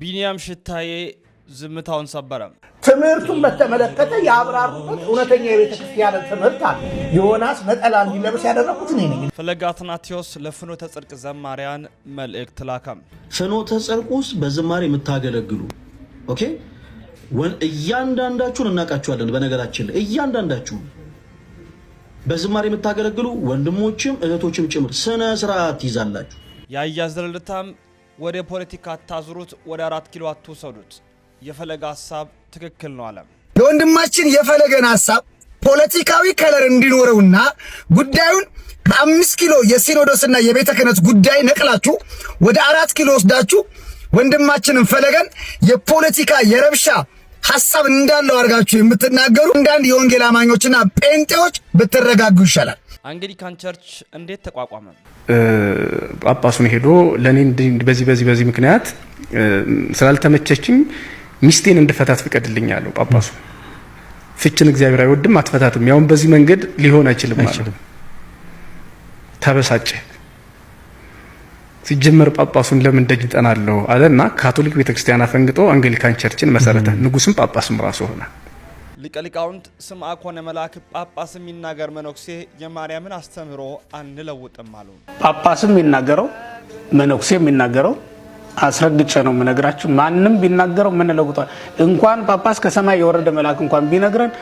ቢኒያም ሽታዬ ዝምታውን ሰበረም። ትምህርቱን በተመለከተ የአብራሩበት እውነተኛ የቤተ ክርስቲያንን ትምህርት አለ። ዮናስ ነጠላ እንዲለብስ ያደረጉት እኔ ነኝ። ፈለገ አትናቴዎስ ለፍኖተ ጽድቅ ዘማሪያን መልእክት ላከም። ፍኖተ ጽድቅ ውስጥ በዝማሬ የምታገለግሉ ኦኬ፣ እያንዳንዳችሁን እናውቃችኋለን። በነገራችን ላይ እያንዳንዳችሁን በዝማሬ የምታገለግሉ ወንድሞችም እህቶችም ጭምር ስነ ስርዓት ይዛላችሁ። የአያዝ ልልታም ወደ ፖለቲካ አታዝሩት፣ ወደ አራት ኪሎ አትውሰዱት። የፈለገ ሀሳብ ትክክል ነው አለም ለወንድማችን የፈለገን ሀሳብ ፖለቲካዊ ከለር እንዲኖረውና ጉዳዩን ከአምስት ኪሎ የሲኖዶስና የቤተ ክህነት ጉዳይ ነቅላችሁ ወደ አራት ኪሎ ወስዳችሁ ወንድማችንን ፈለገን የፖለቲካ የረብሻ ሀሳብ እንዳለው አድርጋችሁ የምትናገሩ አንዳንድ የወንጌል አማኞችና ጴንጤዎች ብትረጋጉ ይሻላል። አንግሊካን ቸርች እንዴት ተቋቋመ? ጳጳሱን ሄዶ ለእኔ በዚህ በዚህ በዚህ ምክንያት ስላልተመቸችኝ ሚስቴን እንድፈታት ፍቀድልኝ አለው ጳጳሱ። ፍችን እግዚአብሔር አይወድም፣ አትፈታትም፣ ያውም በዚህ መንገድ ሊሆን አይችልም አለ። ተበሳጨ። ሲጀመር ጳጳሱን ለምን ደጅ ጠናለሁ አለና ካቶሊክ ቤተክርስቲያን አፈንግጦ አንግሊካን ቸርችን መሰረተ። ንጉስም ጳጳስም ራሱ ሆነ። ሊቀ ሊቃውንት ስምዐ ኮነ መልአክ ጳጳስም ይናገር መነኩሴ የማርያምን አስተምህሮ አንለውጥም አሉ። ጳጳስም የሚናገረው መነኩሴ የሚናገረው አስረግጬ ነው የምነግራችሁ። ማንም ቢናገረው ምንለውጠዋል። እንኳን ጳጳስ ከሰማይ የወረደ መልአክ እንኳን ቢነግረን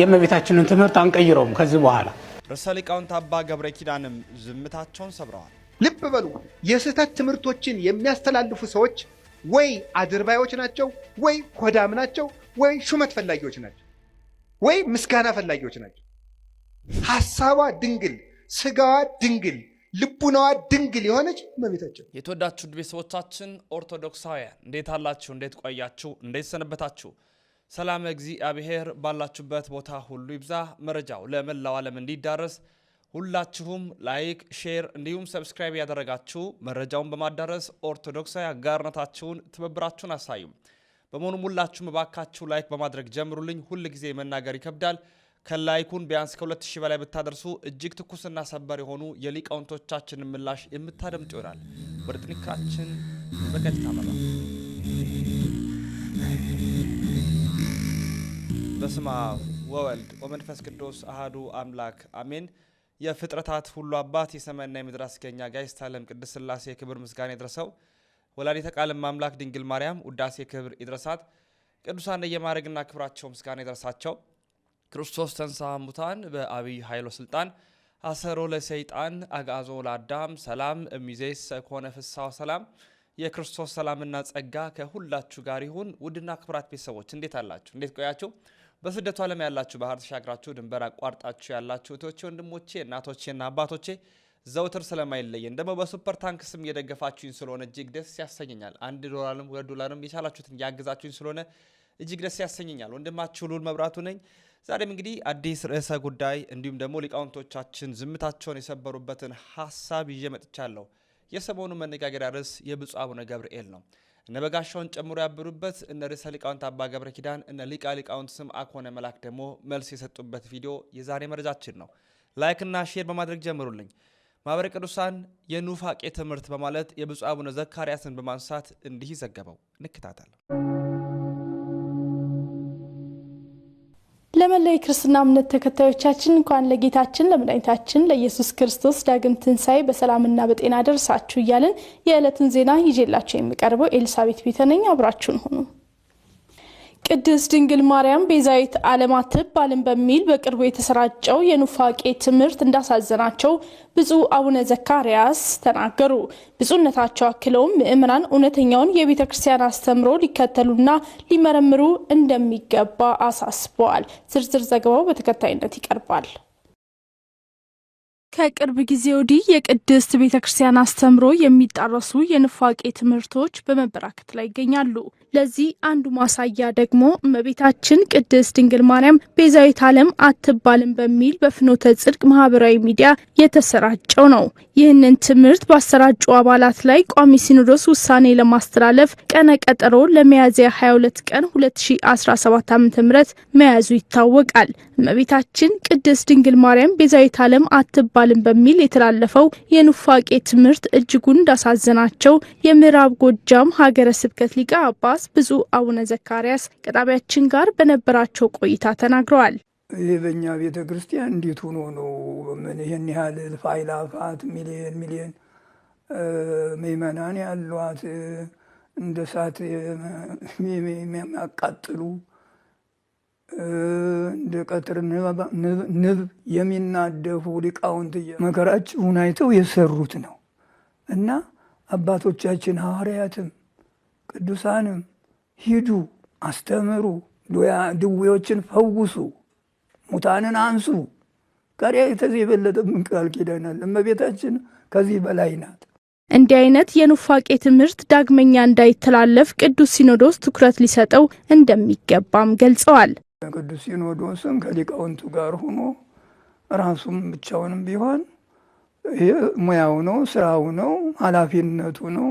የእመቤታችንን ትምህርት አንቀይረውም ከዚህ በኋላ። ርዕሰ ሊቃውንት አባ ገብረ ኪዳንም ዝምታቸውን ሰብረዋል። ልብ በሉ የስህተት ትምህርቶችን የሚያስተላልፉ ሰዎች ወይ አድርባዮች ናቸው፣ ወይ ሆዳም ናቸው፣ ወይ ሹመት ፈላጊዎች ናቸው። ወይ ምስጋና ፈላጊዎች ናቸው። ሀሳቧ ድንግል፣ ስጋዋ ድንግል፣ ልቡናዋ ድንግል የሆነች እመቤታችን። የተወዳችሁ ቤተሰቦቻችን ኦርቶዶክሳውያን እንዴት አላችሁ? እንዴት ቆያችሁ? እንዴት ሰነበታችሁ? ሰላም እግዚአብሔር ባላችሁበት ቦታ ሁሉ ይብዛ። መረጃው ለመላው ዓለም እንዲዳረስ ሁላችሁም ላይክ፣ ሼር እንዲሁም ሰብስክራይብ ያደረጋችሁ መረጃውን በማዳረስ ኦርቶዶክሳዊ አጋርነታችሁን ትብብራችሁን አሳዩም። በመሆኑም ሁላችሁም እባካችሁ ላይክ በማድረግ ጀምሩልኝ። ሁል ጊዜ መናገር ይከብዳል። ከላይኩን ቢያንስ ከ2000 በላይ ብታደርሱ እጅግ ትኩስና ሰበር የሆኑ የሊቃውንቶቻችንን ምላሽ የምታደምጡ ይሆናል። ወደ ጥንክራችን በቀጥታ መራ። በስመ አብ ወወልድ ወመንፈስ ቅዱስ አህዱ አምላክ አሜን። የፍጥረታት ሁሉ አባት የሰማይና የምድር አስገኛ ጋይስታለም ዓለም ቅድስት ክብር ምስጋና ይድረሰው። ወላዲተ ቃል አምላክ ድንግል ማርያም ውዳሴ ክብር ይድረሳት። ቅዱሳን የማድረግና ክብራቸው ምስጋና ይድረሳቸው። ክርስቶስ ተንሳ ሙታን በአብይ ኃይሎ ስልጣን አሰሮ ለሰይጣን አጋዞ ለአዳም ሰላም እሚዜሰ ኮነ ፍሳው ሰላም። የክርስቶስ ሰላምና ጸጋ ከሁላችሁ ጋር ይሁን። ውድና ክብራት ቤተሰቦች እንዴት አላችሁ? እንዴት ቆያችሁ? በስደቱ ዓለም ያላችሁ ባህር ተሻግራችሁ ድንበር አቋርጣችሁ ያላችሁ እህቶቼ፣ ወንድሞቼ፣ እናቶቼና አባቶቼ ዘውትር ስለማይለየን ደግሞ በሱፐር ታንክ ስም እየደገፋችሁኝ ስለሆነ እጅግ ደስ ያሰኘኛል። አንድ ዶላርም ሁለት ዶላርም የቻላችሁትን እያገዛችሁኝ ስለሆነ እጅግ ደስ ያሰኘኛል። ወንድማችሁ ሉል መብራቱ ነኝ። ዛሬም እንግዲህ አዲስ ርዕሰ ጉዳይ እንዲሁም ደግሞ ሊቃውንቶቻችን ዝምታቸውን የሰበሩበትን ሀሳብ ይዤ መጥቻለሁ። የሰሞኑ መነጋገሪያ ርዕስ የብፁዕ አቡነ ገብርኤል ነው። እነ በጋሻውን ጨምሮ ያበሩበት እነ ርዕሰ ሊቃውንት አባ ገብረ ኪዳን እነ ሊቃ ሊቃውንት ስም አኮነ መላክ ደግሞ መልስ የሰጡበት ቪዲዮ የዛሬ መረጃችን ነው። ላይክና ሼር በማድረግ ጀምሩልኝ። ማኅበረ ቅዱሳን የኑፋቄ ትምህርት በማለት የብፁዕ አቡነ ዘካርያስን በማንሳት እንዲህ ዘገበው። እንከታተል። ለመላው የክርስትና እምነት ተከታዮቻችን እንኳን ለጌታችን ለመድኃኒታችን ለኢየሱስ ክርስቶስ ዳግም ትንሣኤ በሰላምና በጤና ደርሳችሁ እያልን የዕለቱን ዜና ይዤላችሁ የሚቀርበው ኤልሳቤት ቢተነኝ አብራችሁን ሆኑ። ቅድስት ድንግል ማርያም ቤዛዊት ዓለም አትባልም በሚል በቅርቡ የተሰራጨው የኑፋቄ ትምህርት እንዳሳዘናቸው ብፁዕ አቡነ ዘካርያስ ተናገሩ። ብፁዕነታቸው አክለውም ምእምራን እውነተኛውን የቤተ ክርስቲያን አስተምሮ ሊከተሉና ሊመረምሩ እንደሚገባ አሳስበዋል። ዝርዝር ዘገባው በተከታይነት ይቀርባል። ከቅርብ ጊዜ ወዲህ የቅድስት ቤተ ክርስቲያን አስተምሮ የሚጣረሱ የንፋቄ ትምህርቶች በመበራከት ላይ ይገኛሉ። ለዚህ አንዱ ማሳያ ደግሞ እመቤታችን ቅድስት ድንግል ማርያም ቤዛዊት ዓለም አትባልም በሚል በፍኖተ ጽድቅ ማህበራዊ ሚዲያ የተሰራጨው ነው። ይህንን ትምህርት ባሰራጩ አባላት ላይ ቋሚ ሲኖዶስ ውሳኔ ለማስተላለፍ ቀነ ቀጠሮ ለሚያዝያ 22 ቀን 2017 ዓ ም መያዙ ይታወቃል። እመቤታችን ቅድስት ድንግል ማርያም ቤዛዊት ዓለም አትባልም በሚል የተላለፈው የኑፋቄ ትምህርት እጅጉን እንዳሳዘናቸው የምዕራብ ጎጃም ሀገረ ስብከት ሊቀ ጳጳስ ብፁዕ አቡነ ዘካርያስ ከጣቢያችን ጋር በነበራቸው ቆይታ ተናግረዋል። ይህ በእኛ ቤተ ክርስቲያን እንዴት ሆኖ ነው ምን ይህን ያህል እልፍ አእላፋት ሚሊዮን ሚሊዮን ምእመናን ያሏት እንደ እሳት የሚያቃጥሉ እንደ ቀትር ንብ የሚናደፉ ሊቃውንት መከራችሁን አይተው የሰሩት ነው እና አባቶቻችን ሐዋርያትም ቅዱሳንም ሂዱ፣ አስተምሩ፣ ድዌዎችን ፈውሱ፣ ሙታንን አንሱ። ከሪያ የተዚህ የበለጠ ምን ቃል ኪዳናል? እመቤታችን ከዚህ በላይ ናት። እንዲህ አይነት የኑፋቄ ትምህርት ዳግመኛ እንዳይተላለፍ ቅዱስ ሲኖዶስ ትኩረት ሊሰጠው እንደሚገባም ገልጸዋል። ቅዱስ ሲኖዶስም ከሊቃውንቱ ጋር ሆኖ ራሱም ብቻውንም ቢሆን ይሄ ሙያው ነው፣ ስራው ነው፣ ኃላፊነቱ ነው።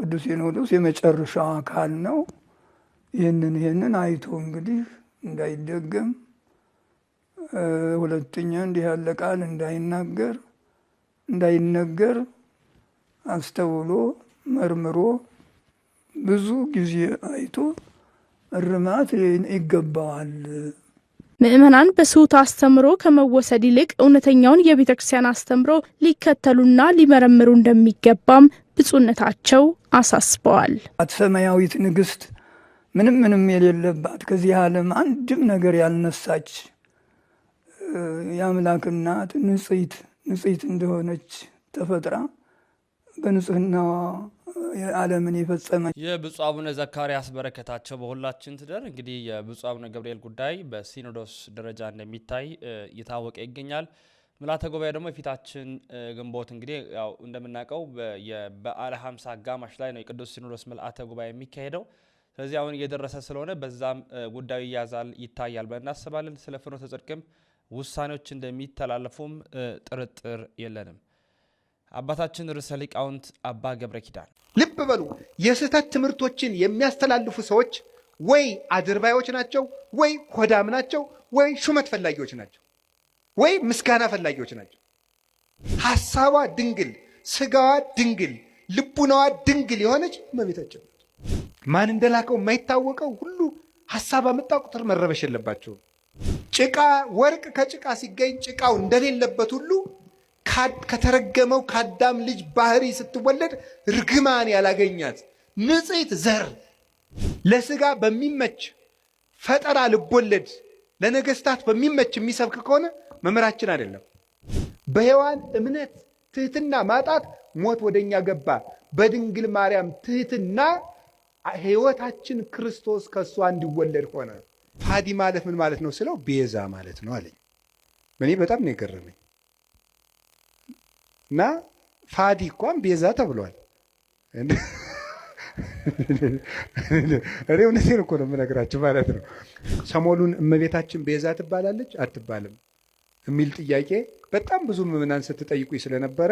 ቅዱስ ሲኖዶስ የመጨረሻው አካል ነው። ይህንን ይህንን አይቶ እንግዲህ እንዳይደገም ሁለተኛ እንዲህ ያለ ቃል እንዳይናገር እንዳይነገር አስተውሎ መርምሮ ብዙ ጊዜ አይቶ እርማት ይገባዋል። ምእመናን በስሁት አስተምሮ ከመወሰድ ይልቅ እውነተኛውን የቤተ ክርስቲያን አስተምሮ ሊከተሉና ሊመረምሩ እንደሚገባም ብፁዕነታቸው አሳስበዋል። ሰማያዊት ንግሥት ምንም ምንም የሌለባት ከዚህ ዓለም አንድም ነገር ያልነሳች የአምላክ እናት ንጽሕት ንጽሕት እንደሆነች ተፈጥራ በንጽሕናዋ ዓለምን የፈጸመ የብፁ አቡነ ዘካርያስ በረከታቸው በሁላችን ትደር። እንግዲህ የብፁ አቡነ ገብርኤል ጉዳይ በሲኖዶስ ደረጃ እንደሚታይ እየታወቀ ይገኛል። ምልዓተ ጉባኤ ደግሞ የፊታችን ግንቦት እንግዲህ ያው እንደምናውቀው በዓለ ሃምሳ አጋማሽ ላይ ነው የቅዱስ ሲኖዶስ ምልዓተ ጉባኤ የሚካሄደው። ስለዚህ አሁን እየደረሰ ስለሆነ በዛም ጉዳዩ ይያዛል ይታያል ብለን እናስባለን። ስለ ፍኖተ ጽድቅም ውሳኔዎች እንደሚተላለፉም ጥርጥር የለንም። አባታችን ርዕሰ ሊቃውንት አባ ገብረ ኪዳን ልብ በሉ። የስህተት ትምህርቶችን የሚያስተላልፉ ሰዎች ወይ አድርባዮች ናቸው፣ ወይ ሆዳም ናቸው፣ ወይ ሹመት ፈላጊዎች ናቸው፣ ወይ ምስጋና ፈላጊዎች ናቸው። ሀሳቧ ድንግል፣ ስጋዋ ድንግል፣ ልቡናዋ ድንግል የሆነች እመቤታችን ማን እንደላከው የማይታወቀው ሁሉ ሐሳብ አመጣ ቁጥር መረበሽ የለባቸውም። ጭቃ ወርቅ ከጭቃ ሲገኝ ጭቃው እንደሌለበት ሁሉ ከተረገመው ከአዳም ልጅ ባህሪ ስትወለድ ርግማን ያላገኛት ንጽሕት ዘር ለስጋ በሚመች ፈጠራ ልቦለድ ለነገስታት በሚመች የሚሰብክ ከሆነ መምህራችን አይደለም። በሔዋን እምነት ትህትና ማጣት ሞት ወደኛ ገባ። በድንግል ማርያም ትህትና ህይወታችን ክርስቶስ ከእሷ እንዲወለድ ሆነ። ፋዲ ማለት ምን ማለት ነው ስለው ቤዛ ማለት ነው አለኝ። እኔ በጣም ነው የገረመኝ። እና ፋዲ እንኳን ቤዛ ተብሏል። እኔ እውነቴን እኮ ነው የምነግራችሁ ማለት ነው። ሰሞኑን እመቤታችን ቤዛ ትባላለች አትባልም የሚል ጥያቄ በጣም ብዙ ምዕመናን ስትጠይቁኝ ስለነበረ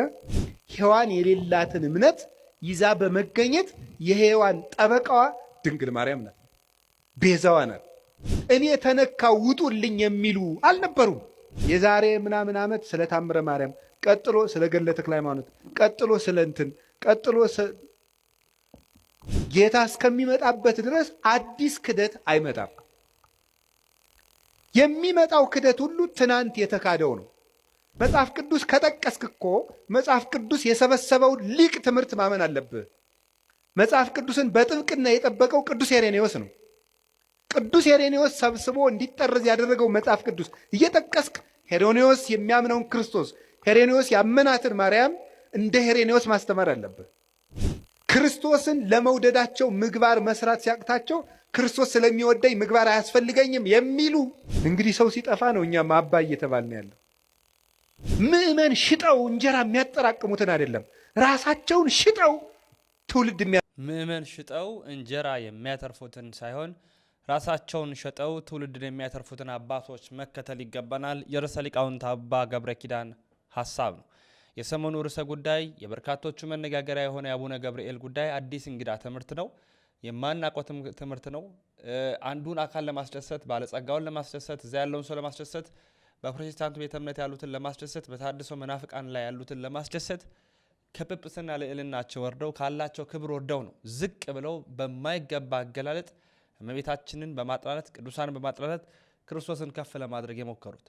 ሔዋን የሌላትን እምነት ይዛ በመገኘት የሔዋን ጠበቃዋ ድንግል ማርያም ናት፣ ቤዛዋ ናት። እኔ የተነካው ውጡልኝ የሚሉ አልነበሩም። የዛሬ ምናምን ዓመት ስለ ታምረ ማርያም ቀጥሎ ስለ ገለ ተክለ ሃይማኖት፣ ቀጥሎ ስለ እንትን፣ ቀጥሎ ጌታ እስከሚመጣበት ድረስ አዲስ ክደት አይመጣም። የሚመጣው ክደት ሁሉ ትናንት የተካደው ነው። መጽሐፍ ቅዱስ ከጠቀስክ እኮ መጽሐፍ ቅዱስ የሰበሰበው ሊቅ ትምህርት ማመን አለብህ። መጽሐፍ ቅዱስን በጥብቅና የጠበቀው ቅዱስ ሄሬኔዎስ ነው። ቅዱስ ሄሬኔዎስ ሰብስቦ እንዲጠረዝ ያደረገው መጽሐፍ ቅዱስ እየጠቀስክ ሄሮኔዎስ የሚያምነውን ክርስቶስ ሄሬኔዎስ ያመናትን ማርያም እንደ ሄሬኔዎስ ማስተማር አለብን። ክርስቶስን ለመውደዳቸው ምግባር መስራት ሲያቅታቸው ክርስቶስ ስለሚወደኝ ምግባር አያስፈልገኝም የሚሉ እንግዲህ ሰው ሲጠፋ ነው እኛም አባ እየተባልን ያለው። ምእመን ሽጠው እንጀራ የሚያጠራቅሙትን አይደለም፣ ራሳቸውን ሽጠው ትውልድ ምእመን ሽጠው እንጀራ የሚያተርፉትን ሳይሆን ራሳቸውን ሸጠው ትውልድን የሚያተርፉትን አባቶች መከተል ይገባናል። የርዕሰ ሊቃውንት አባ ገብረ ኪዳን ሀሳብ ነው። የሰሞኑ ርዕሰ ጉዳይ የበርካቶቹ መነጋገሪያ የሆነ የአቡነ ገብርኤል ጉዳይ አዲስ እንግዳ ትምህርት ነው። የማናውቀው ትምህርት ነው። አንዱን አካል ለማስደሰት፣ ባለጸጋውን ለማስደሰት፣ እዛ ያለውን ሰው ለማስደሰት፣ በፕሮቴስታንቱ ቤተ እምነት ያሉትን ለማስደሰት፣ በታድሶ መናፍቃን ላይ ያሉትን ለማስደሰት ከጵጵስና ልዕልናቸው ወርደው ካላቸው ክብር ወርደው ነው ዝቅ ብለው በማይገባ አገላለጥ እመቤታችንን በማጥላለት ቅዱሳን በማጥላለት ክርስቶስን ከፍ ለማድረግ የሞከሩት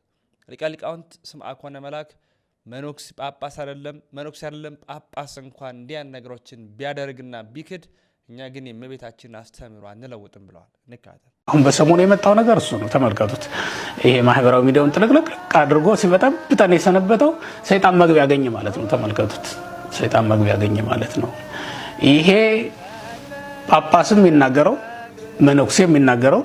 ሊቀ ሊቃውንት ስምዐ ኮነ መላክ መኖክስ ጳጳስ አይደለም መኖክስ አይደለም ጳጳስ እንኳን እንዲያን ነገሮችን ቢያደርግና ቢክድ እኛ ግን የእመቤታችንን አስተምሮ አንለውጥም ብለዋል። እንካተል አሁን በሰሞኑ የመጣው ነገር እሱ ነው። ተመልከቱት። ይሄ ማህበራዊ ሚዲያውን ጥልቅልቅ አድርጎ ሲበጠብጠን የሰነበተው ሰይጣን መግቢያ ያገኘ ማለት ነው። ተመልከቱት። ሰይጣን መግቢያ ያገኘ ማለት ነው። ይሄ ጳጳስም የሚናገረው መነኩሴ የሚናገረው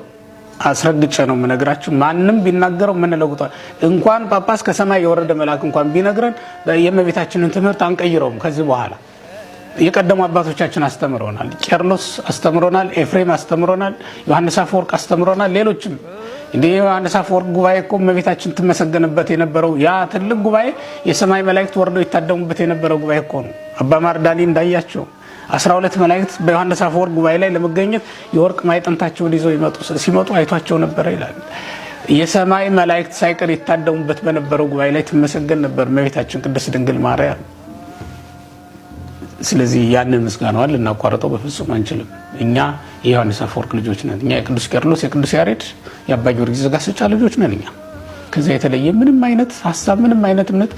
አስረግጬ ነው የምነግራችሁ። ማንም ቢናገረው ምን ለውጧል? እንኳን ጳጳስ ከሰማይ የወረደ መልአክ እንኳን ቢነግረን የእመቤታችንን ትምህርት አንቀይረውም። ከዚህ በኋላ የቀደሙ አባቶቻችን አስተምረናል። ቄርሎስ አስተምሮናል፣ ኤፍሬም አስተምሮናል፣ ዮሐንስ አፈወርቅ አስተምሮናል። ሌሎችም እንዲህ ዮሐንስ አፈወርቅ ጉባኤ እኮ እመቤታችን ትመሰገንበት የነበረው ያ ትልቅ ጉባኤ የሰማይ መላእክት ወርደው ይታደሙበት የነበረው ጉባኤ እኮ ነው። አባ ማርዳሊ እንዳያቸው አስራ ሁለት መላእክት በዮሐንስ አፈወርቅ ጉባኤ ላይ ለመገኘት የወርቅ ማዕጠንታቸውን ይዘው ሲመጡ አይቷቸው ነበረ ይላል። የሰማይ መላእክት ሳይቀር ይታደሙበት በነበረው ጉባኤ ላይ ትመሰገን ነበር መቤታችን ቅድስት ድንግል ማርያም። ስለዚህ ያንን ምስጋናዋን ልናቋርጠው በፍጹም አንችልም። እኛ የዮሐንስ አፈወርቅ ልጆች ነን። እኛ የቅዱስ ቄርሎስ፣ የቅዱስ ያሬድ፣ የአባ ጊዮርጊስ ዘጋስጫ ልጆች ነን። እኛ ከዚያ የተለየ ምንም አይነት ሀሳብ ምንም አይነት እምነት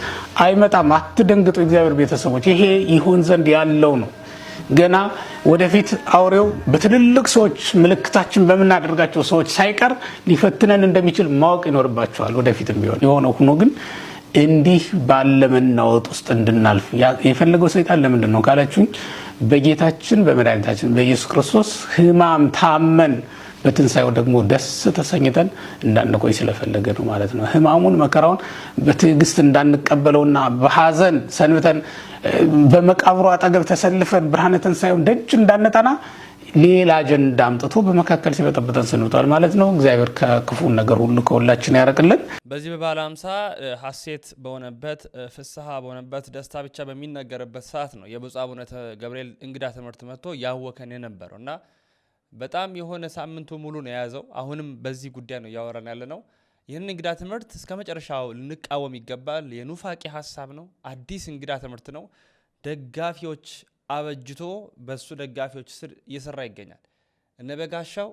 አይመጣም። አትደንግጡ፣ እግዚአብሔር ቤተሰቦች፣ ይሄ ይሆን ዘንድ ያለው ነው። ገና ወደፊት አውሬው በትልልቅ ሰዎች ምልክታችን በምናደርጋቸው ሰዎች ሳይቀር ሊፈትነን እንደሚችል ማወቅ ይኖርባቸዋል። ወደፊትም ቢሆን የሆነው ሁኖ ግን እንዲህ ባለ መናወጥ ውስጥ እንድናልፍ የፈለገው ሰይጣን ለምንድን ነው ካላችሁኝ፣ በጌታችን በመድኃኒታችን በኢየሱስ ክርስቶስ ሕማም ታመን በትንሣኤው ደግሞ ደስ ተሰኝተን እንዳንቆይ ስለፈለገ ነው ማለት ነው። ህማሙን መከራውን በትዕግስት እንዳንቀበለውና በሐዘን ሰንብተን በመቃብሩ አጠገብ ተሰልፈን ብርሃነ ትንሣኤውን ደጅ እንዳንጠና ሌላ አጀንዳ አምጥቶ በመካከል ሲበጠበጠን ስንብቷል ማለት ነው። እግዚአብሔር ከክፉን ነገር ሁሉ ከሁላችን ያረቅልን። በዚህ በበዓለ ሃምሳ ሀሴት በሆነበት ፍስሐ በሆነበት ደስታ ብቻ በሚነገርበት ሰዓት ነው የብፁዕ አቡነ ገብርኤል እንግዳ ትምህርት መጥቶ ያወከን የነበረው እና በጣም የሆነ ሳምንቱ ሙሉ ነው የያዘው። አሁንም በዚህ ጉዳይ ነው እያወራን ያለ ነው። ይህን እንግዳ ትምህርት እስከ መጨረሻው ልንቃወም ይገባል። የኑፋቄ ሀሳብ ነው። አዲስ እንግዳ ትምህርት ነው። ደጋፊዎች አበጅቶ በሱ ደጋፊዎች ስር እየሰራ ይገኛል። እነ በጋሻው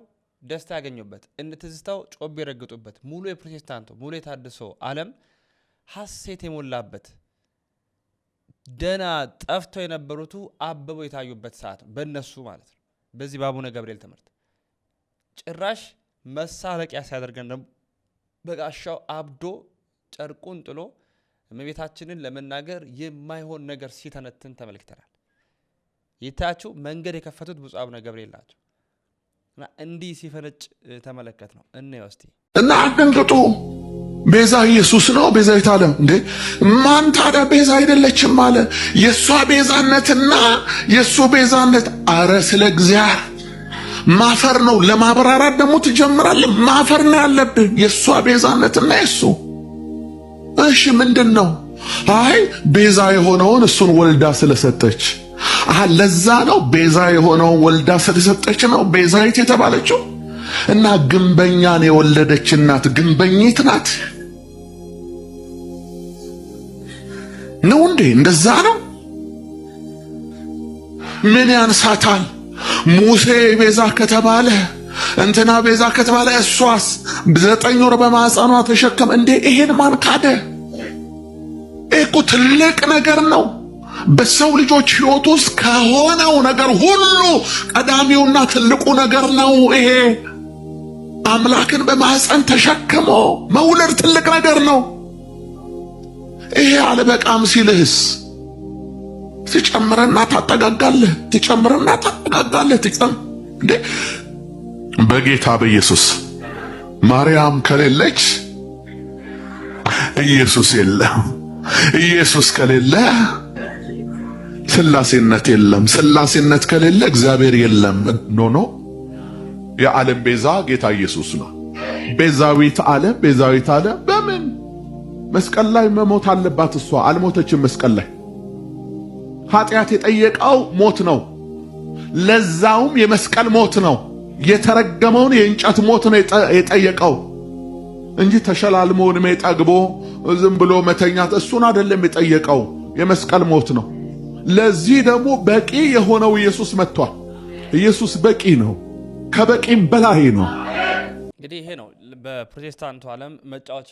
ደስታ ያገኙበት፣ እነ ትዝታው ጮቤ የረግጡበት፣ ሙሉ የፕሮቴስታንቱ ሙሉ የታድሶ አለም ሀሴት የሞላበት ደና ጠፍተው የነበሩቱ አበበው የታዩበት ሰዓት ነው በእነሱ ማለት ነው። በዚህ በአቡነ ገብርኤል ትምህርት ጭራሽ መሳለቂያ ሲያደርገን በጋሻው አብዶ ጨርቁን ጥሎ እመቤታችንን ለመናገር የማይሆን ነገር ሲተነትን ተመልክተናል። የታያችሁ መንገድ የከፈቱት ብፁዕ አቡነ ገብርኤል ናቸው እና እንዲህ ሲፈነጭ ተመለከት ነው። እነ እስቲ እና አትደንግጡ ቤዛ ኢየሱስ ነው። ቤዛዊት አለ እንዴ! ማን ታዲያ ቤዛ አይደለችም አለ? የእሷ ቤዛነትና የእሱ ቤዛነት፣ አረ ስለ እግዚአብሔር ማፈር ነው። ለማብራራት ደግሞ ትጀምራለ ማፈር ነው ያለብህ፣ የእሷ ቤዛነትና የእሱ። እሺ ምንድን ነው? አይ ቤዛ የሆነውን እሱን ወልዳ ስለሰጠች። አሃ ለዛ ነው ቤዛ የሆነውን ወልዳ ስለሰጠች ነው ቤዛዊት የተባለችው። እና ግንበኛን የወለደች እናት ግንበኝት ናት። ነው እንዴ? እንደዛ ነው። ምን ያንሳታል? ሙሴ ቤዛ ከተባለ እንትና ቤዛ ከተባለ እሷስ ዘጠኝ ወር በማህፀኗ ተሸከም እንዴ? ይሄን ማን ካደ? እኮ ትልቅ ነገር ነው። በሰው ልጆች ህይወት ውስጥ ከሆነው ነገር ሁሉ ቀዳሚውና ትልቁ ነገር ነው ይሄ። አምላክን በማህፀን ተሸክሞ መውለድ ትልቅ ነገር ነው። ይሄ አልበቃም ሲልህስ ትጨምረና ታጠጋጋለህ፣ ትጨምረና ታጠጋጋለህ። ትጨም እንዴ በጌታ በኢየሱስ ማርያም ከሌለች ኢየሱስ የለም። ኢየሱስ ከሌለ ስላሴነት የለም። ስላሴነት ከሌለ እግዚአብሔር የለም። ኖኖ የዓለም ቤዛ ጌታ ኢየሱስ ነው። ቤዛዊት ዓለም ቤዛዊት ዓለም በምን መስቀል ላይ መሞት አለባት። እሷ አልሞተችም። መስቀል ላይ ኃጢአት የጠየቀው ሞት ነው። ለዛውም የመስቀል ሞት ነው። የተረገመውን የእንጨት ሞት ነው የጠየቀው እንጂ ተሸላልሞ ዕድሜ ጠግቦ ዝም ብሎ መተኛት እሱን አይደለም የጠየቀው፣ የመስቀል ሞት ነው። ለዚህ ደግሞ በቂ የሆነው ኢየሱስ መጥቷል። ኢየሱስ በቂ ነው፣ ከበቂም በላይ ነው። እንግዲህ ይሄ ነው በፕሮቴስታንቱ ዓለም መጫወቻ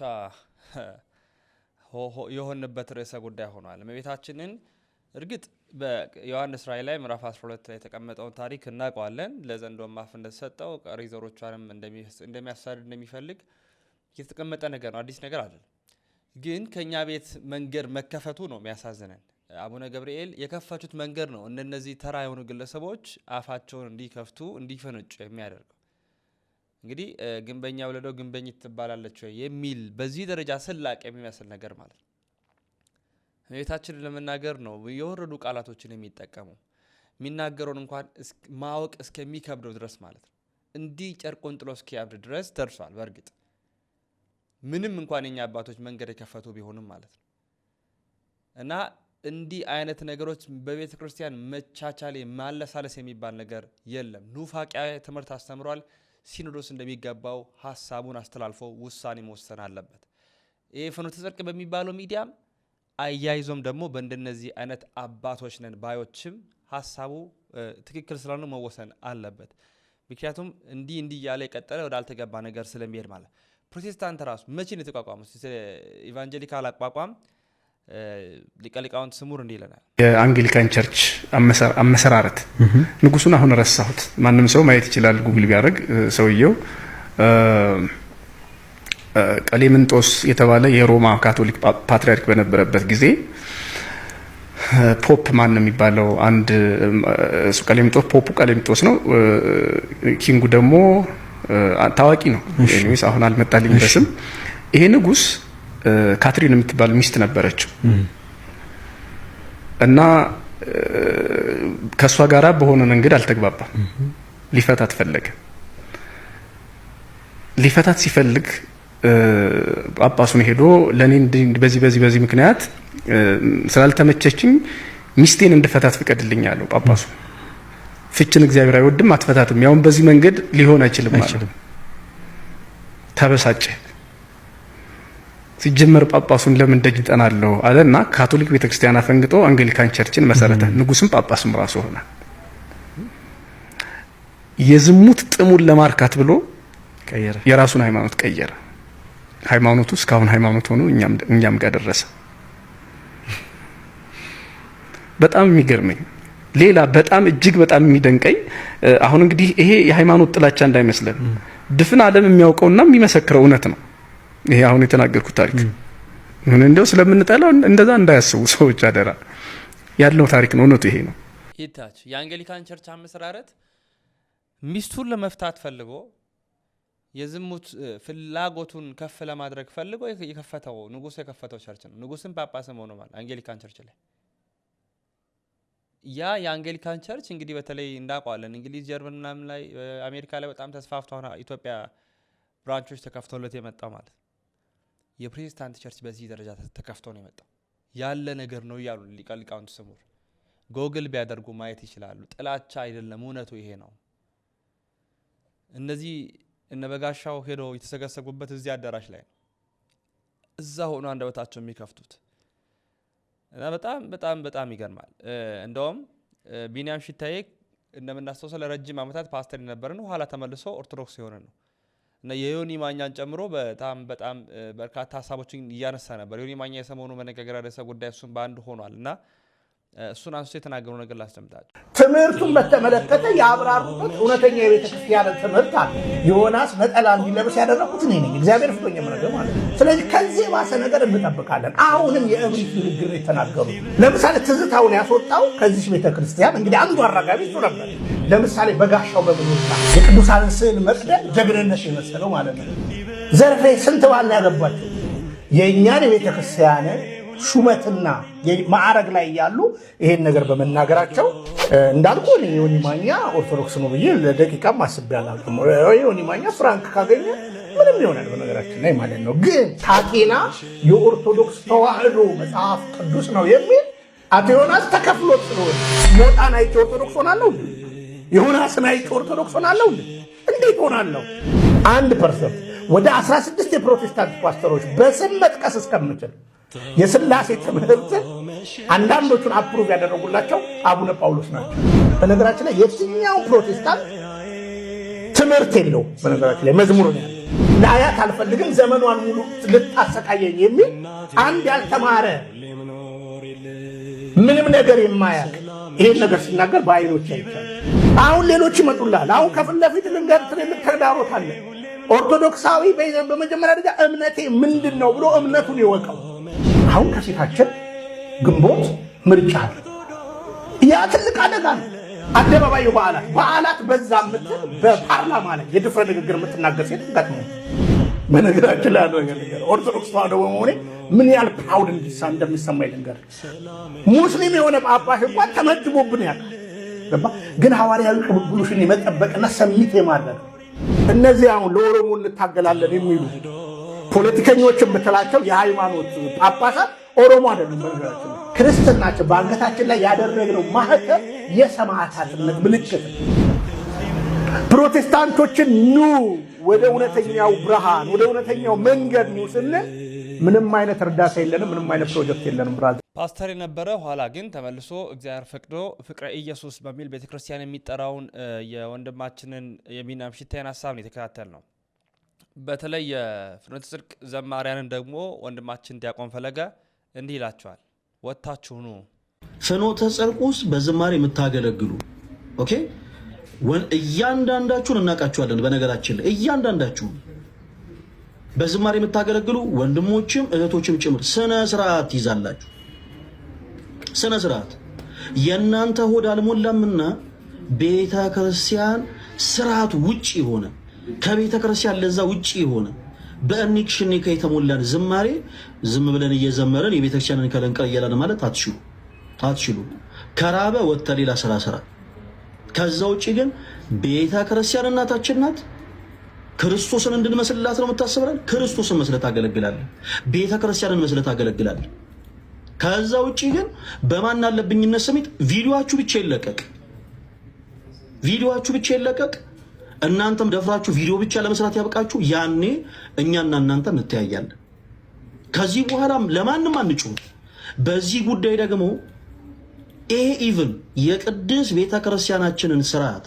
የሆንበት ርዕሰ ጉዳይ ሆኗል። እመቤታችንን እርግጥ በዮሐንስ ራእይ ላይ ምዕራፍ 12 ላይ የተቀመጠውን ታሪክ እናውቀዋለን። ለዘንዶም አፍ እንደተሰጠው ቀሪ ዘሮቿንም እንደሚያሳድድ እንደሚፈልግ የተቀመጠ ነገር ነው፣ አዲስ ነገር አይደለም። ግን ከእኛ ቤት መንገድ መከፈቱ ነው የሚያሳዝነን። አቡነ ገብርኤል የከፈቱት መንገድ ነው እነነዚህ ተራ የሆኑ ግለሰቦች አፋቸውን እንዲከፍቱ እንዲፈነጩ የሚያደርገው እንግዲህ ግንበኛ ውለደው ግንበኝት ትባላለች ወይ የሚል በዚህ ደረጃ ስላቅ የሚመስል ነገር ማለት ነው። እመቤታችንን ለመናገር ነው የወረዱ ቃላቶችን የሚጠቀሙ የሚናገረውን እንኳን ማወቅ እስከሚከብደው ድረስ ማለት ነው። እንዲህ ጨርቆን ጥሎ እስኪያብድ ድረስ ደርሷል። በእርግጥ ምንም እንኳን የኛ አባቶች መንገድ የከፈቱ ቢሆንም ማለት ነው እና እንዲህ አይነት ነገሮች በቤተ ክርስቲያን መቻቻሌ ማለሳለስ የሚባል ነገር የለም። ኑፋቂያ ትምህርት አስተምሯል። ሲኖዶስ እንደሚገባው ሀሳቡን አስተላልፎ ውሳኔ መወሰን አለበት። ይህ ፍኖተ ጽድቅ በሚባለው ሚዲያም አያይዞም ደግሞ በእንደነዚህ አይነት አባቶች ነን ባዮችም ሀሳቡ ትክክል ስላሉ መወሰን አለበት። ምክንያቱም እንዲህ እንዲህ እያለ የቀጠለ ወደ አልተገባ ነገር ስለሚሄድ ማለት ፕሮቴስታንት ራሱ መቼ ነው የተቋቋመ ኢቫንጀሊካል አቋቋም ሊቀ ስሙር እንዲህ ይለናል። የአንግሊካን ቸርች አመሰራረት ንጉሱን አሁን ረሳሁት። ማንም ሰው ማየት ይችላል ጉግል ቢያደርግ። ሰውየው ቀሌምንጦስ የተባለ የሮማ ካቶሊክ ፓትሪያርክ በነበረበት ጊዜ ፖፕ ማን ነው የሚባለው? አንድ እሱ ቀሌምንጦስ ፖፑ ቀሌምንጦስ ነው። ኪንጉ ደግሞ ታዋቂ ነው። አሁን አልመጣልኝ በስም ይሄ ንጉስ ካትሪን የምትባል ሚስት ነበረችው እና ከእሷ ጋራ በሆነ መንገድ አልተግባባም። ሊፈታት ፈለገ። ሊፈታት ሲፈልግ ጳጳሱን ሄዶ ለእኔ በዚህ በዚህ በዚህ ምክንያት ስላልተመቸችኝ ሚስቴን እንድፈታት ፍቀድልኝ አለው ጳጳሱ። ፍችን እግዚአብሔር አይወድም፣ አትፈታትም። ያውም በዚህ መንገድ ሊሆን አይችልም። ተበሳጨ። ሲጀመር ጳጳሱን ለምን ደጅ ጠናለሁ አለና ካቶሊክ ቤተክርስቲያን አፈንግጦ አንግሊካን ቸርችን መሰረተ። ንጉስም ጳጳሱም ራሱ ሆነ። የዝሙት ጥሙን ለማርካት ብሎ የራሱን ሃይማኖት ቀየረ። ሃይማኖቱ እስካሁን ሃይማኖት ሆኖ እኛም ጋር ደረሰ። በጣም የሚገርመኝ ሌላ በጣም እጅግ በጣም የሚደንቀኝ አሁን እንግዲህ ይሄ የሃይማኖት ጥላቻ እንዳይመስለን ድፍን ዓለም የሚያውቀውና የሚመሰክረው እውነት ነው። ይሄ አሁን የተናገርኩት ታሪክ እንደው ስለምንጠላው እንደዛ እንዳያስቡ ሰዎች አደራ። ያለው ታሪክ ነው፣ እውነቱ ይሄ ነው። ይታች የአንግሊካን ቸርች አመሰራረት ሚስቱን ለመፍታት ፈልጎ የዝሙት ፍላጎቱን ከፍ ለማድረግ ፈልጎ የከፈተው ንጉስ የከፈተው ቸርች ነው። ንጉስን ጳጳስም ሆኖ ማለት አንጌሊካን ቸርች ላይ ያ የአንግሊካን ቸርች እንግዲህ በተለይ እንዳውቀዋለን እንግሊዝ፣ ጀርመን ምናምን ላይ አሜሪካ ላይ በጣም ተስፋፍቶ ኢትዮጵያ ብራንቾች ተከፍቶለት የመጣው ማለት የፕሮቴስታንት ቸርች በዚህ ደረጃ ተከፍቶ ነው የመጣው። ያለ ነገር ነው እያሉ ሊቃሊቃውንት ስሙር ጎግል ቢያደርጉ ማየት ይችላሉ። ጥላቻ አይደለም፣ እውነቱ ይሄ ነው። እነዚህ እነ በጋሻው ሄደው የተሰገሰጉበት እዚህ አዳራሽ ላይ ነው። እዛ ሆኖ አንደበታቸው የሚከፍቱት እና በጣም በጣም በጣም ይገርማል። እንደውም ቢኒያም ሽታዬ እንደምናስታውሰው ለረጅም ዓመታት ፓስተር የነበረ ነው። ኋላ ተመልሶ ኦርቶዶክስ የሆነ ነው። እና የዮኒ ማኛን ጨምሮ በጣም በጣም በርካታ ሀሳቦችን እያነሳ ነበር። ዮኒ ማኛ የሰሞኑ መነጋገሪያ ያደረሰ ጉዳይ እሱም በአንድ ሆኗል እና እሱን አንስቶ የተናገሩ ነገር ላስደምጣቸው። ትምህርቱን በተመለከተ የአብራሩበት እውነተኛ የቤተክርስቲያን ትምህርት አለ። ዮናስ ነጠላ እንዲለብስ ያደረጉት እኔ ነኝ። እግዚአብሔር ፍቶኝ ምነገር ማለት ነው። ስለዚህ ከዚህ የባሰ ነገር እንጠብቃለን። አሁንም የእብሪት ንግግር የተናገሩ ለምሳሌ ትዝታውን ያስወጣው ከዚህ ቤተክርስቲያን እንግዲህ አንዱ አራጋቢ እሱ ነበር። ለምሳሌ በጋሻው በብሉታ የቅዱሳንን ስዕል መቅደል ጀግንነት የመሰለው ማለት ነው። ዘርፌ ስንት ባል ያገባቸው የእኛን የቤተክርስቲያንን ሹመትና ማዕረግ ላይ ያሉ ይሄን ነገር በመናገራቸው እንዳልኩ እኔ ዮኒ ማኛ ኦርቶዶክስ ነው ብዬ ለደቂቃም አስቤ አላውቅም። ዮኒ ማኛ ፍራንክ ካገኘ ምንም ይሆናል በነገራችን ላይ ማለት ነው። ግን ታጤና የኦርቶዶክስ ተዋህዶ መጽሐፍ ቅዱስ ነው የሚል አቶ ዮናስ ተከፍሎት ስለሆነ ሞጣን አይቼ ኦርቶዶክስ ሆናለሁ፣ ዮናስን አይቼ ኦርቶዶክስ ሆናለሁ። እንዴት ሆናለሁ? አንድ ፐርሰንት ወደ 16 የፕሮቴስታንት ፓስተሮች በስም መጥቀስ እስከምችል የስላሴ ትምህርት አንዳንዶቹን አፕሩቭ ያደረጉላቸው አቡነ ጳውሎስ ናቸው። በነገራችን ላይ የትኛው ፕሮቴስታንት ትምህርት የለው። በነገራችን ላይ መዝሙር ነው ለአያት አልፈልግም ዘመኗን ሙሉ ልታሰቃየኝ የሚል አንድ ያልተማረ ምንም ነገር የማያውቅ ይህን ነገር ሲናገር በአይኖች አይቻል። አሁን ሌሎች ይመጡላል። አሁን ከፊት ለፊት ልንገር፣ ትልልቅ ተግዳሮት አለ። ኦርቶዶክሳዊ በመጀመሪያ ደረጃ እምነቴ ምንድን ነው ብሎ እምነቱን ይወቀው። አሁን ከፊታችን ግንቦት ምርጫ አለ። ያ ትልቅ አደጋ ነው። አደባባይ በዓላት በዓላት በዛ ምትል በፓርላማ ላይ የድፍረ ንግግር የምትናገር ሴት ገጥሞ በነገራችን ላይ ኦርቶዶክስ ተዋሕዶ በመሆኔ ምን ያህል ፕራውድ እንዲሳ እንደሚሰማኝ ልንገር። ሙስሊም የሆነ ጳጳስ እንኳን ተመድቦብን ያውቃል። ግን ሐዋርያዊ ቅብብሎሽን የመጠበቅና ሰሚት የማድረግ እነዚህ አሁን ለኦሮሞ እንታገላለን የሚሉ ፖለቲከኞች የምትላቸው የሃይማኖት ጳጳሳት ኦሮሞ አይደሉም። በነገራችን ክርስትናቸው በአንገታችን ላይ ያደረግነው ማህተም የሰማዕታትነት ምልክት ፕሮቴስታንቶችን ኑ ወደ እውነተኛው ብርሃን ወደ እውነተኛው መንገድ ኑ ስንል ምንም አይነት እርዳታ የለንም፣ ምንም አይነት ፕሮጀክት የለንም። ብራዘር ፓስተር የነበረ ኋላ ግን ተመልሶ እግዚአብሔር ፈቅዶ ፍቅረ ኢየሱስ በሚል ቤተክርስቲያን የሚጠራውን የወንድማችንን የሚናምሽታይን ሀሳብ ነው የተከታተል ነው። በተለይ የፍኖተ ጽድቅ ዘማሪያንን ደግሞ ወንድማችን ዲያቆን ፈለገ እንዲህ ይላቸዋል። ወታችሁኑ ፍኖተ ጽድቅ ውስጥ በዝማሬ የምታገለግሉ ኦኬ፣ እያንዳንዳችሁን እናውቃችኋለን። በነገራችን ላይ እያንዳንዳችሁን በዝማሬ የምታገለግሉ ወንድሞችም እህቶችም ጭምር ስነ ስርዓት ይዛላችሁ። ስነ ስርዓት የእናንተ ሆድ አልሞላምና ቤተ ክርስቲያን ስርዓት ውጭ የሆነ ከቤተ ክርስቲያን ለዛ ውጪ የሆነ በእኒክ ሽኒከ የተሞላን ዝማሬ ዝም ብለን እየዘመረን የቤተክርስቲያንን ከለንቀር እያለን ማለት አትችሉ አትችሉ። ከራበ ወጥተ ሌላ ስራ ስራ። ከዛ ውጪ ግን ቤተ ክርስቲያን እናታችን ናት። ክርስቶስን እንድንመስልላት ነው የምታስብላል። ክርስቶስን መስለ ታገለግላለ። ቤተ ክርስቲያንን መስለ ታገለግላለ። ከዛ ውጪ ግን በማን አለብኝነት ስሜት ቪዲዮችሁ ብቻ ይለቀቅ፣ ቪዲዮችሁ ብቻ ይለቀቅ። እናንተም ደፍራችሁ ቪዲዮ ብቻ ለመስራት ያበቃችሁ፣ ያኔ እኛና እናንተ እንተያያለን። ከዚህ በኋላም ለማንም አንጩም። በዚህ ጉዳይ ደግሞ ይሄ ኢቭን የቅድስ ቤተክርስቲያናችንን ስርዓት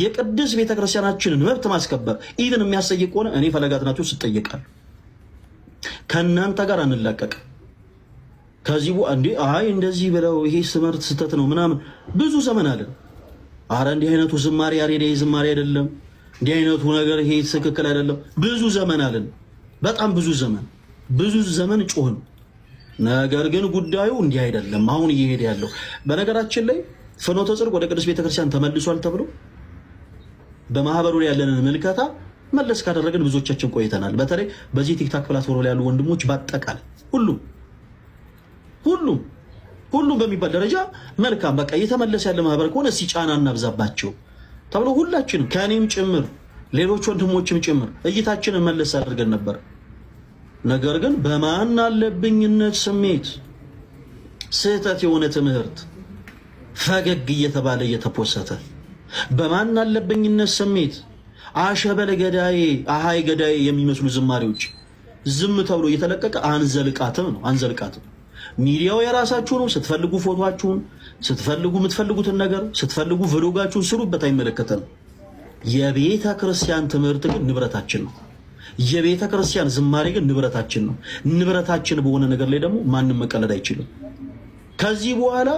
የቅድስ ቤተክርስቲያናችንን መብት ማስከበር ኢቭን የሚያስጠይቅ ከሆነ እኔ ፈለጋት ናቸው ስጠየቃል። ከእናንተ ጋር አንላቀቅም። ከዚህ እንዲ አይ እንደዚህ ብለው ይሄ ትምህርት ስህተት ነው ምናምን ብዙ ዘመን አለን። አረ እንዲህ አይነቱ ዝማሬ ያሬዳዊ ዝማሬ አይደለም፣ እንዲህ አይነቱ ነገር ይሄ ትክክል አይደለም። ብዙ ዘመን አለን፣ በጣም ብዙ ዘመን ብዙ ዘመን ጮህን። ነገር ግን ጉዳዩ እንዲህ አይደለም አሁን እየሄደ ያለው። በነገራችን ላይ ፍኖተ ጽድቅ ወደ ቅዱስ ቤተክርስቲያን ተመልሷል ተብሎ በማህበሩ ላይ ያለንን ምልከታ መለስ ካደረግን ብዙዎቻችን ቆይተናል። በተለይ በዚህ ቲክታክ ፕላትፎርም ላይ ያሉ ወንድሞች በአጠቃላይ ሁሉም ሁሉም ሁሉም በሚባል ደረጃ መልካም በቃ እየተመለሰ ያለ ማህበር ከሆነ እስኪ ጫና እናብዛባቸው ተብሎ ሁላችንም ከእኔም ጭምር ሌሎች ወንድሞችም ጭምር እይታችንን መለስ አድርገን ነበር። ነገር ግን በማን አለብኝነት ስሜት ስህተት የሆነ ትምህርት ፈገግ እየተባለ እየተፖሰተ በማን አለብኝነት ስሜት አሸበል ገዳዬ፣ አሃይ ገዳዬ የሚመስሉ ዝማሬዎች ዝም ተብሎ እየተለቀቀ አንዘልቃትም ነው አንዘልቃትም ሚዲያው የራሳችሁ ነው። ስትፈልጉ ፎቶችሁን፣ ስትፈልጉ የምትፈልጉትን ነገር ስትፈልጉ ቭሎጋችሁን ስሩበት፣ አይመለከተንም። የቤተ ክርስቲያን ትምህርት ግን ንብረታችን ነው። የቤተ ክርስቲያን ዝማሬ ግን ንብረታችን ነው። ንብረታችን በሆነ ነገር ላይ ደግሞ ማንም መቀለድ አይችልም። ከዚህ በኋላ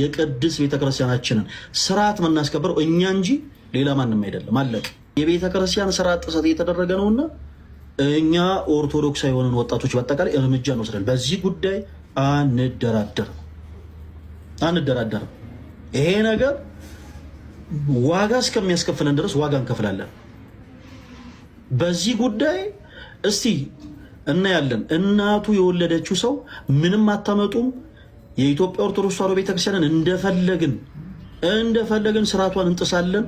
የቅድስት ቤተ ክርስቲያናችንን ስርዓት የምናስከበረው እኛ እንጂ ሌላ ማንም አይደለም። አለቅ የቤተ ክርስቲያን ስርዓት ጥሰት እየተደረገ ነውና እኛ ኦርቶዶክሳዊ የሆነን ወጣቶች በአጠቃላይ እርምጃ እንወስዳለን በዚህ ጉዳይ አንደራደርም አንደራደርም። ይሄ ነገር ዋጋ እስከሚያስከፍለን ድረስ ዋጋ እንከፍላለን። በዚህ ጉዳይ እስቲ እናያለን። እናቱ የወለደችው ሰው ምንም አታመጡም። የኢትዮጵያ ኦርቶዶክስ ተዋሕዶ ቤተክርስቲያንን እንደፈለግን እንደፈለግን ስርዓቷን እንጥሳለን፣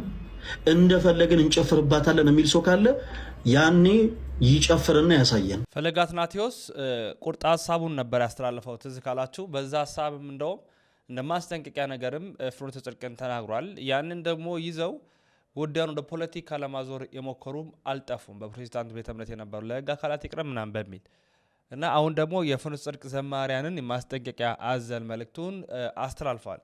እንደፈለግን እንጨፍርባታለን የሚል ሰው ካለ ያኔ ይጨፍርና ያሳየን። ፈለገ አትናቴዎስ ቁርጥ ሀሳቡን ነበር ያስተላልፈው ትዝ ካላችሁ በዛ ሀሳብም እንደውም እንደ ማስጠንቀቂያ ነገርም ፍኖተ ጽድቅን ተናግሯል። ያንን ደግሞ ይዘው ጉዳዩን ወደ ፖለቲካ ለማዞር የሞከሩም አልጠፉም። በፕሬዚዳንቱ ቤተ እምነት የነበሩ ለህግ አካላት ይቅረም ምናምን በሚል እና አሁን ደግሞ የፍኖተ ጽድቅ ዘማሪያንን የማስጠንቀቂያ አዘል መልእክቱን አስተላልፏል።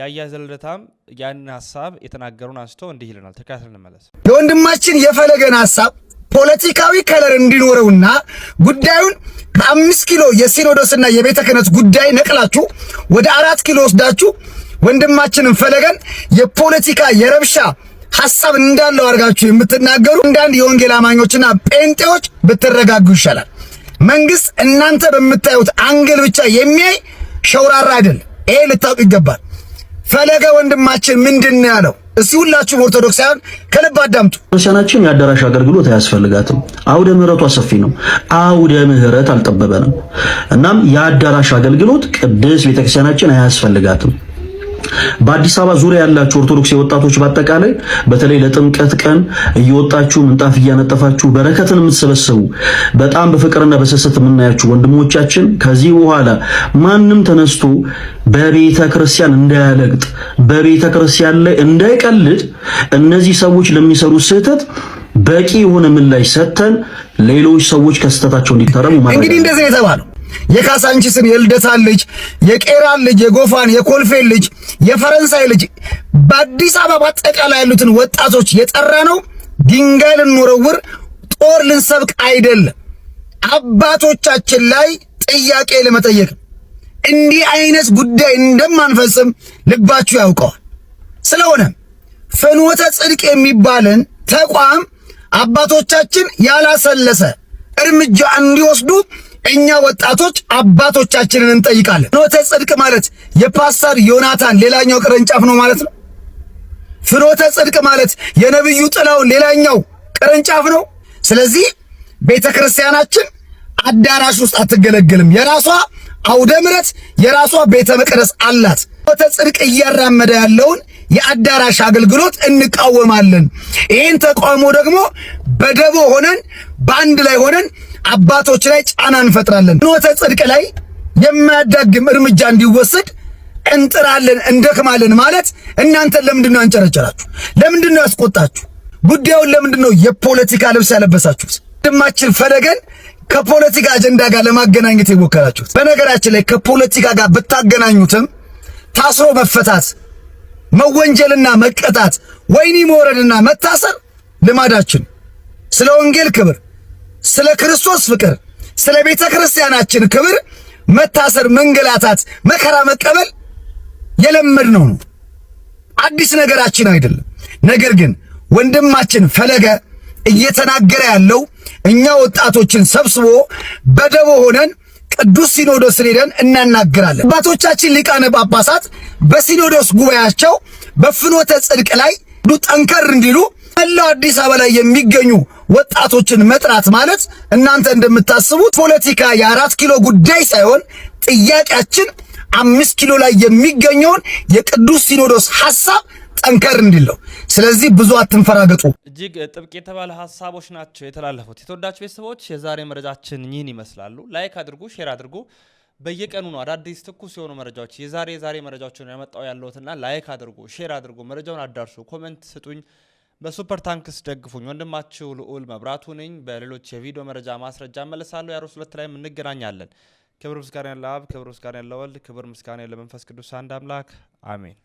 ያያ ዘለደታም ያንን ሀሳብ የተናገሩን አንስቶ እንዲህ ይልናል። ተከታተል እንመለስ። የወንድማችን የፈለገን ሀሳብ ፖለቲካዊ ከለር እንዲኖረውና ጉዳዩን በአምስት ኪሎ የሲኖዶስና የቤተ ክህነት ጉዳይ ነቅላችሁ ወደ አራት ኪሎ ወስዳችሁ ወንድማችንን ፈለገን የፖለቲካ የረብሻ ሀሳብ እንዳለው አድርጋችሁ የምትናገሩ እንዳንድ የወንጌል አማኞችና ጴንጤዎች ብትረጋጉ ይሻላል። መንግስት እናንተ በምታዩት አንግል ብቻ የሚያይ ሸውራራ አይደል። ይሄ ልታውቅ ይገባል። ፈለገ ወንድማችን ምንድን ነው ያለው? እስቲ ሁላችሁም ኦርቶዶክሳውያን ከልብ አዳምጡ። ክርስቲያናችን የአዳራሽ አገልግሎት አያስፈልጋትም። አውደ ምሕረቷ ሰፊ ነው። አውደ ምሕረት አልጠበበንም። እናም የአዳራሽ አገልግሎት ቅድስት ቤተክርስቲያናችን አያስፈልጋትም። በአዲስ አበባ ዙሪያ ያላችሁ ኦርቶዶክስ ወጣቶች በአጠቃላይ በተለይ ለጥምቀት ቀን እየወጣችሁ ምንጣፍ እያነጠፋችሁ በረከትን የምትሰበሰቡ በጣም በፍቅርና በሰሰት የምናያችሁ ወንድሞቻችን ከዚህ በኋላ ማንም ተነስቶ በቤተ ክርስቲያን እንዳያለግጥ፣ በቤተ ክርስቲያን ላይ እንዳይቀልድ እነዚህ ሰዎች ለሚሰሩ ስህተት በቂ የሆነ ምላሽ ሰጥተን ሌሎች ሰዎች ከስህተታቸው እንዲታረሙ ማለት እንግዲህ እንደዚህ የተባለው የካሳንቺስን፣ የልደታን ልጅ፣ የቄራን ልጅ፣ የጎፋን፣ የኮልፌን ልጅ፣ የፈረንሳይ ልጅ በአዲስ አበባ አጠቃላይ ያሉትን ወጣቶች የጠራ ነው። ድንጋይ ልንወረውር ጦር ልንሰብቅ አይደለም፣ አባቶቻችን ላይ ጥያቄ ለመጠየቅ እንዲህ አይነት ጉዳይ እንደማንፈጽም ልባችሁ ያውቀዋል። ስለሆነ ፍኖተ ጽድቅ የሚባልን ተቋም አባቶቻችን ያላሰለሰ እርምጃ እንዲወስዱ እኛ ወጣቶች አባቶቻችንን እንጠይቃለን። ፍኖተ ጽድቅ ማለት የፓስተር ዮናታን ሌላኛው ቅርንጫፍ ነው ማለት ነው። ፍኖተ ጽድቅ ማለት የነብዩ ጥላውን ሌላኛው ቅርንጫፍ ነው። ስለዚህ ቤተ ክርስቲያናችን አዳራሽ ውስጥ አትገለገልም። የራሷ አውደ ምረት፣ የራሷ ቤተ መቅደስ አላት። ፍኖተ ጽድቅ እያራመደ ያለውን የአዳራሽ አገልግሎት እንቃወማለን። ይህን ተቃውሞ ደግሞ በደቦ ሆነን በአንድ ላይ ሆነን አባቶች ላይ ጫና እንፈጥራለን። ኖተ ጽድቅ ላይ የማያዳግም እርምጃ እንዲወሰድ እንጥራለን፣ እንደክማለን ማለት እናንተን ለምንድን ነው ያንጨረጨራችሁ? ለምንድን ነው ያስቆጣችሁ? ጉዳዩን ለምንድን ነው የፖለቲካ ልብስ ያለበሳችሁት? ወንድማችን ፈለገን ከፖለቲካ አጀንዳ ጋር ለማገናኘት የሞከራችሁት። በነገራችን ላይ ከፖለቲካ ጋር ብታገናኙትም ታስሮ መፈታት መወንጀልና መቀጣት ወይኒ መውረድና መታሰር ልማዳችን ስለ ወንጌል ክብር ስለ ክርስቶስ ፍቅር፣ ስለ ቤተ ክርስቲያናችን ክብር መታሰር፣ መንገላታት፣ መከራ መቀበል የለመድነው ነው። አዲስ ነገራችን አይደለም። ነገር ግን ወንድማችን ፈለገ እየተናገረ ያለው እኛ ወጣቶችን ሰብስቦ በደቦ ሆነን ቅዱስ ሲኖዶስን ሄደን እናናግራለን። አባቶቻችን ሊቃነ ጳጳሳት በሲኖዶስ ጉባኤያቸው በፍኖተ ጽድቅ ላይ ጠንከር እንዲሉ መላው አዲስ አበባ ላይ የሚገኙ ወጣቶችን መጥራት ማለት እናንተ እንደምታስቡት ፖለቲካ የአራት ኪሎ ጉዳይ ሳይሆን ጥያቄያችን አምስት ኪሎ ላይ የሚገኘውን የቅዱስ ሲኖዶስ ሐሳብ ጠንከር እንዲለው። ስለዚህ ብዙ አትንፈራገጡ። እጅግ ጥብቅ የተባለ ሀሳቦች ናቸው የተላለፉት። የተወዳችሁ ቤተሰቦች የዛሬ መረጃችን ይህን ይመስላሉ። ላይክ አድርጉ፣ ሼር አድርጉ። በየቀኑ ነው አዳዲስ ትኩስ የሆኑ መረጃዎች የዛሬ የዛሬ መረጃዎችን ያመጣው ያለሁትና ላይክ አድርጉ፣ ሼር አድርጉ፣ መረጃውን አዳርሱ፣ ኮሜንት ስጡኝ። በሱፐር ታንክስ ደግፉኝ። ወንድማችሁ ልዑል መብራቱ ነኝ። በሌሎች የቪዲዮ መረጃ ማስረጃ መለሳለሁ። የአሮስ ሁለት ላይም እንገናኛለን። ክብር ምስጋና ለአብ፣ ክብር ምስጋና ለወልድ፣ ክብር ምስጋና ለመንፈስ ቅዱስ አንድ አምላክ አሜን።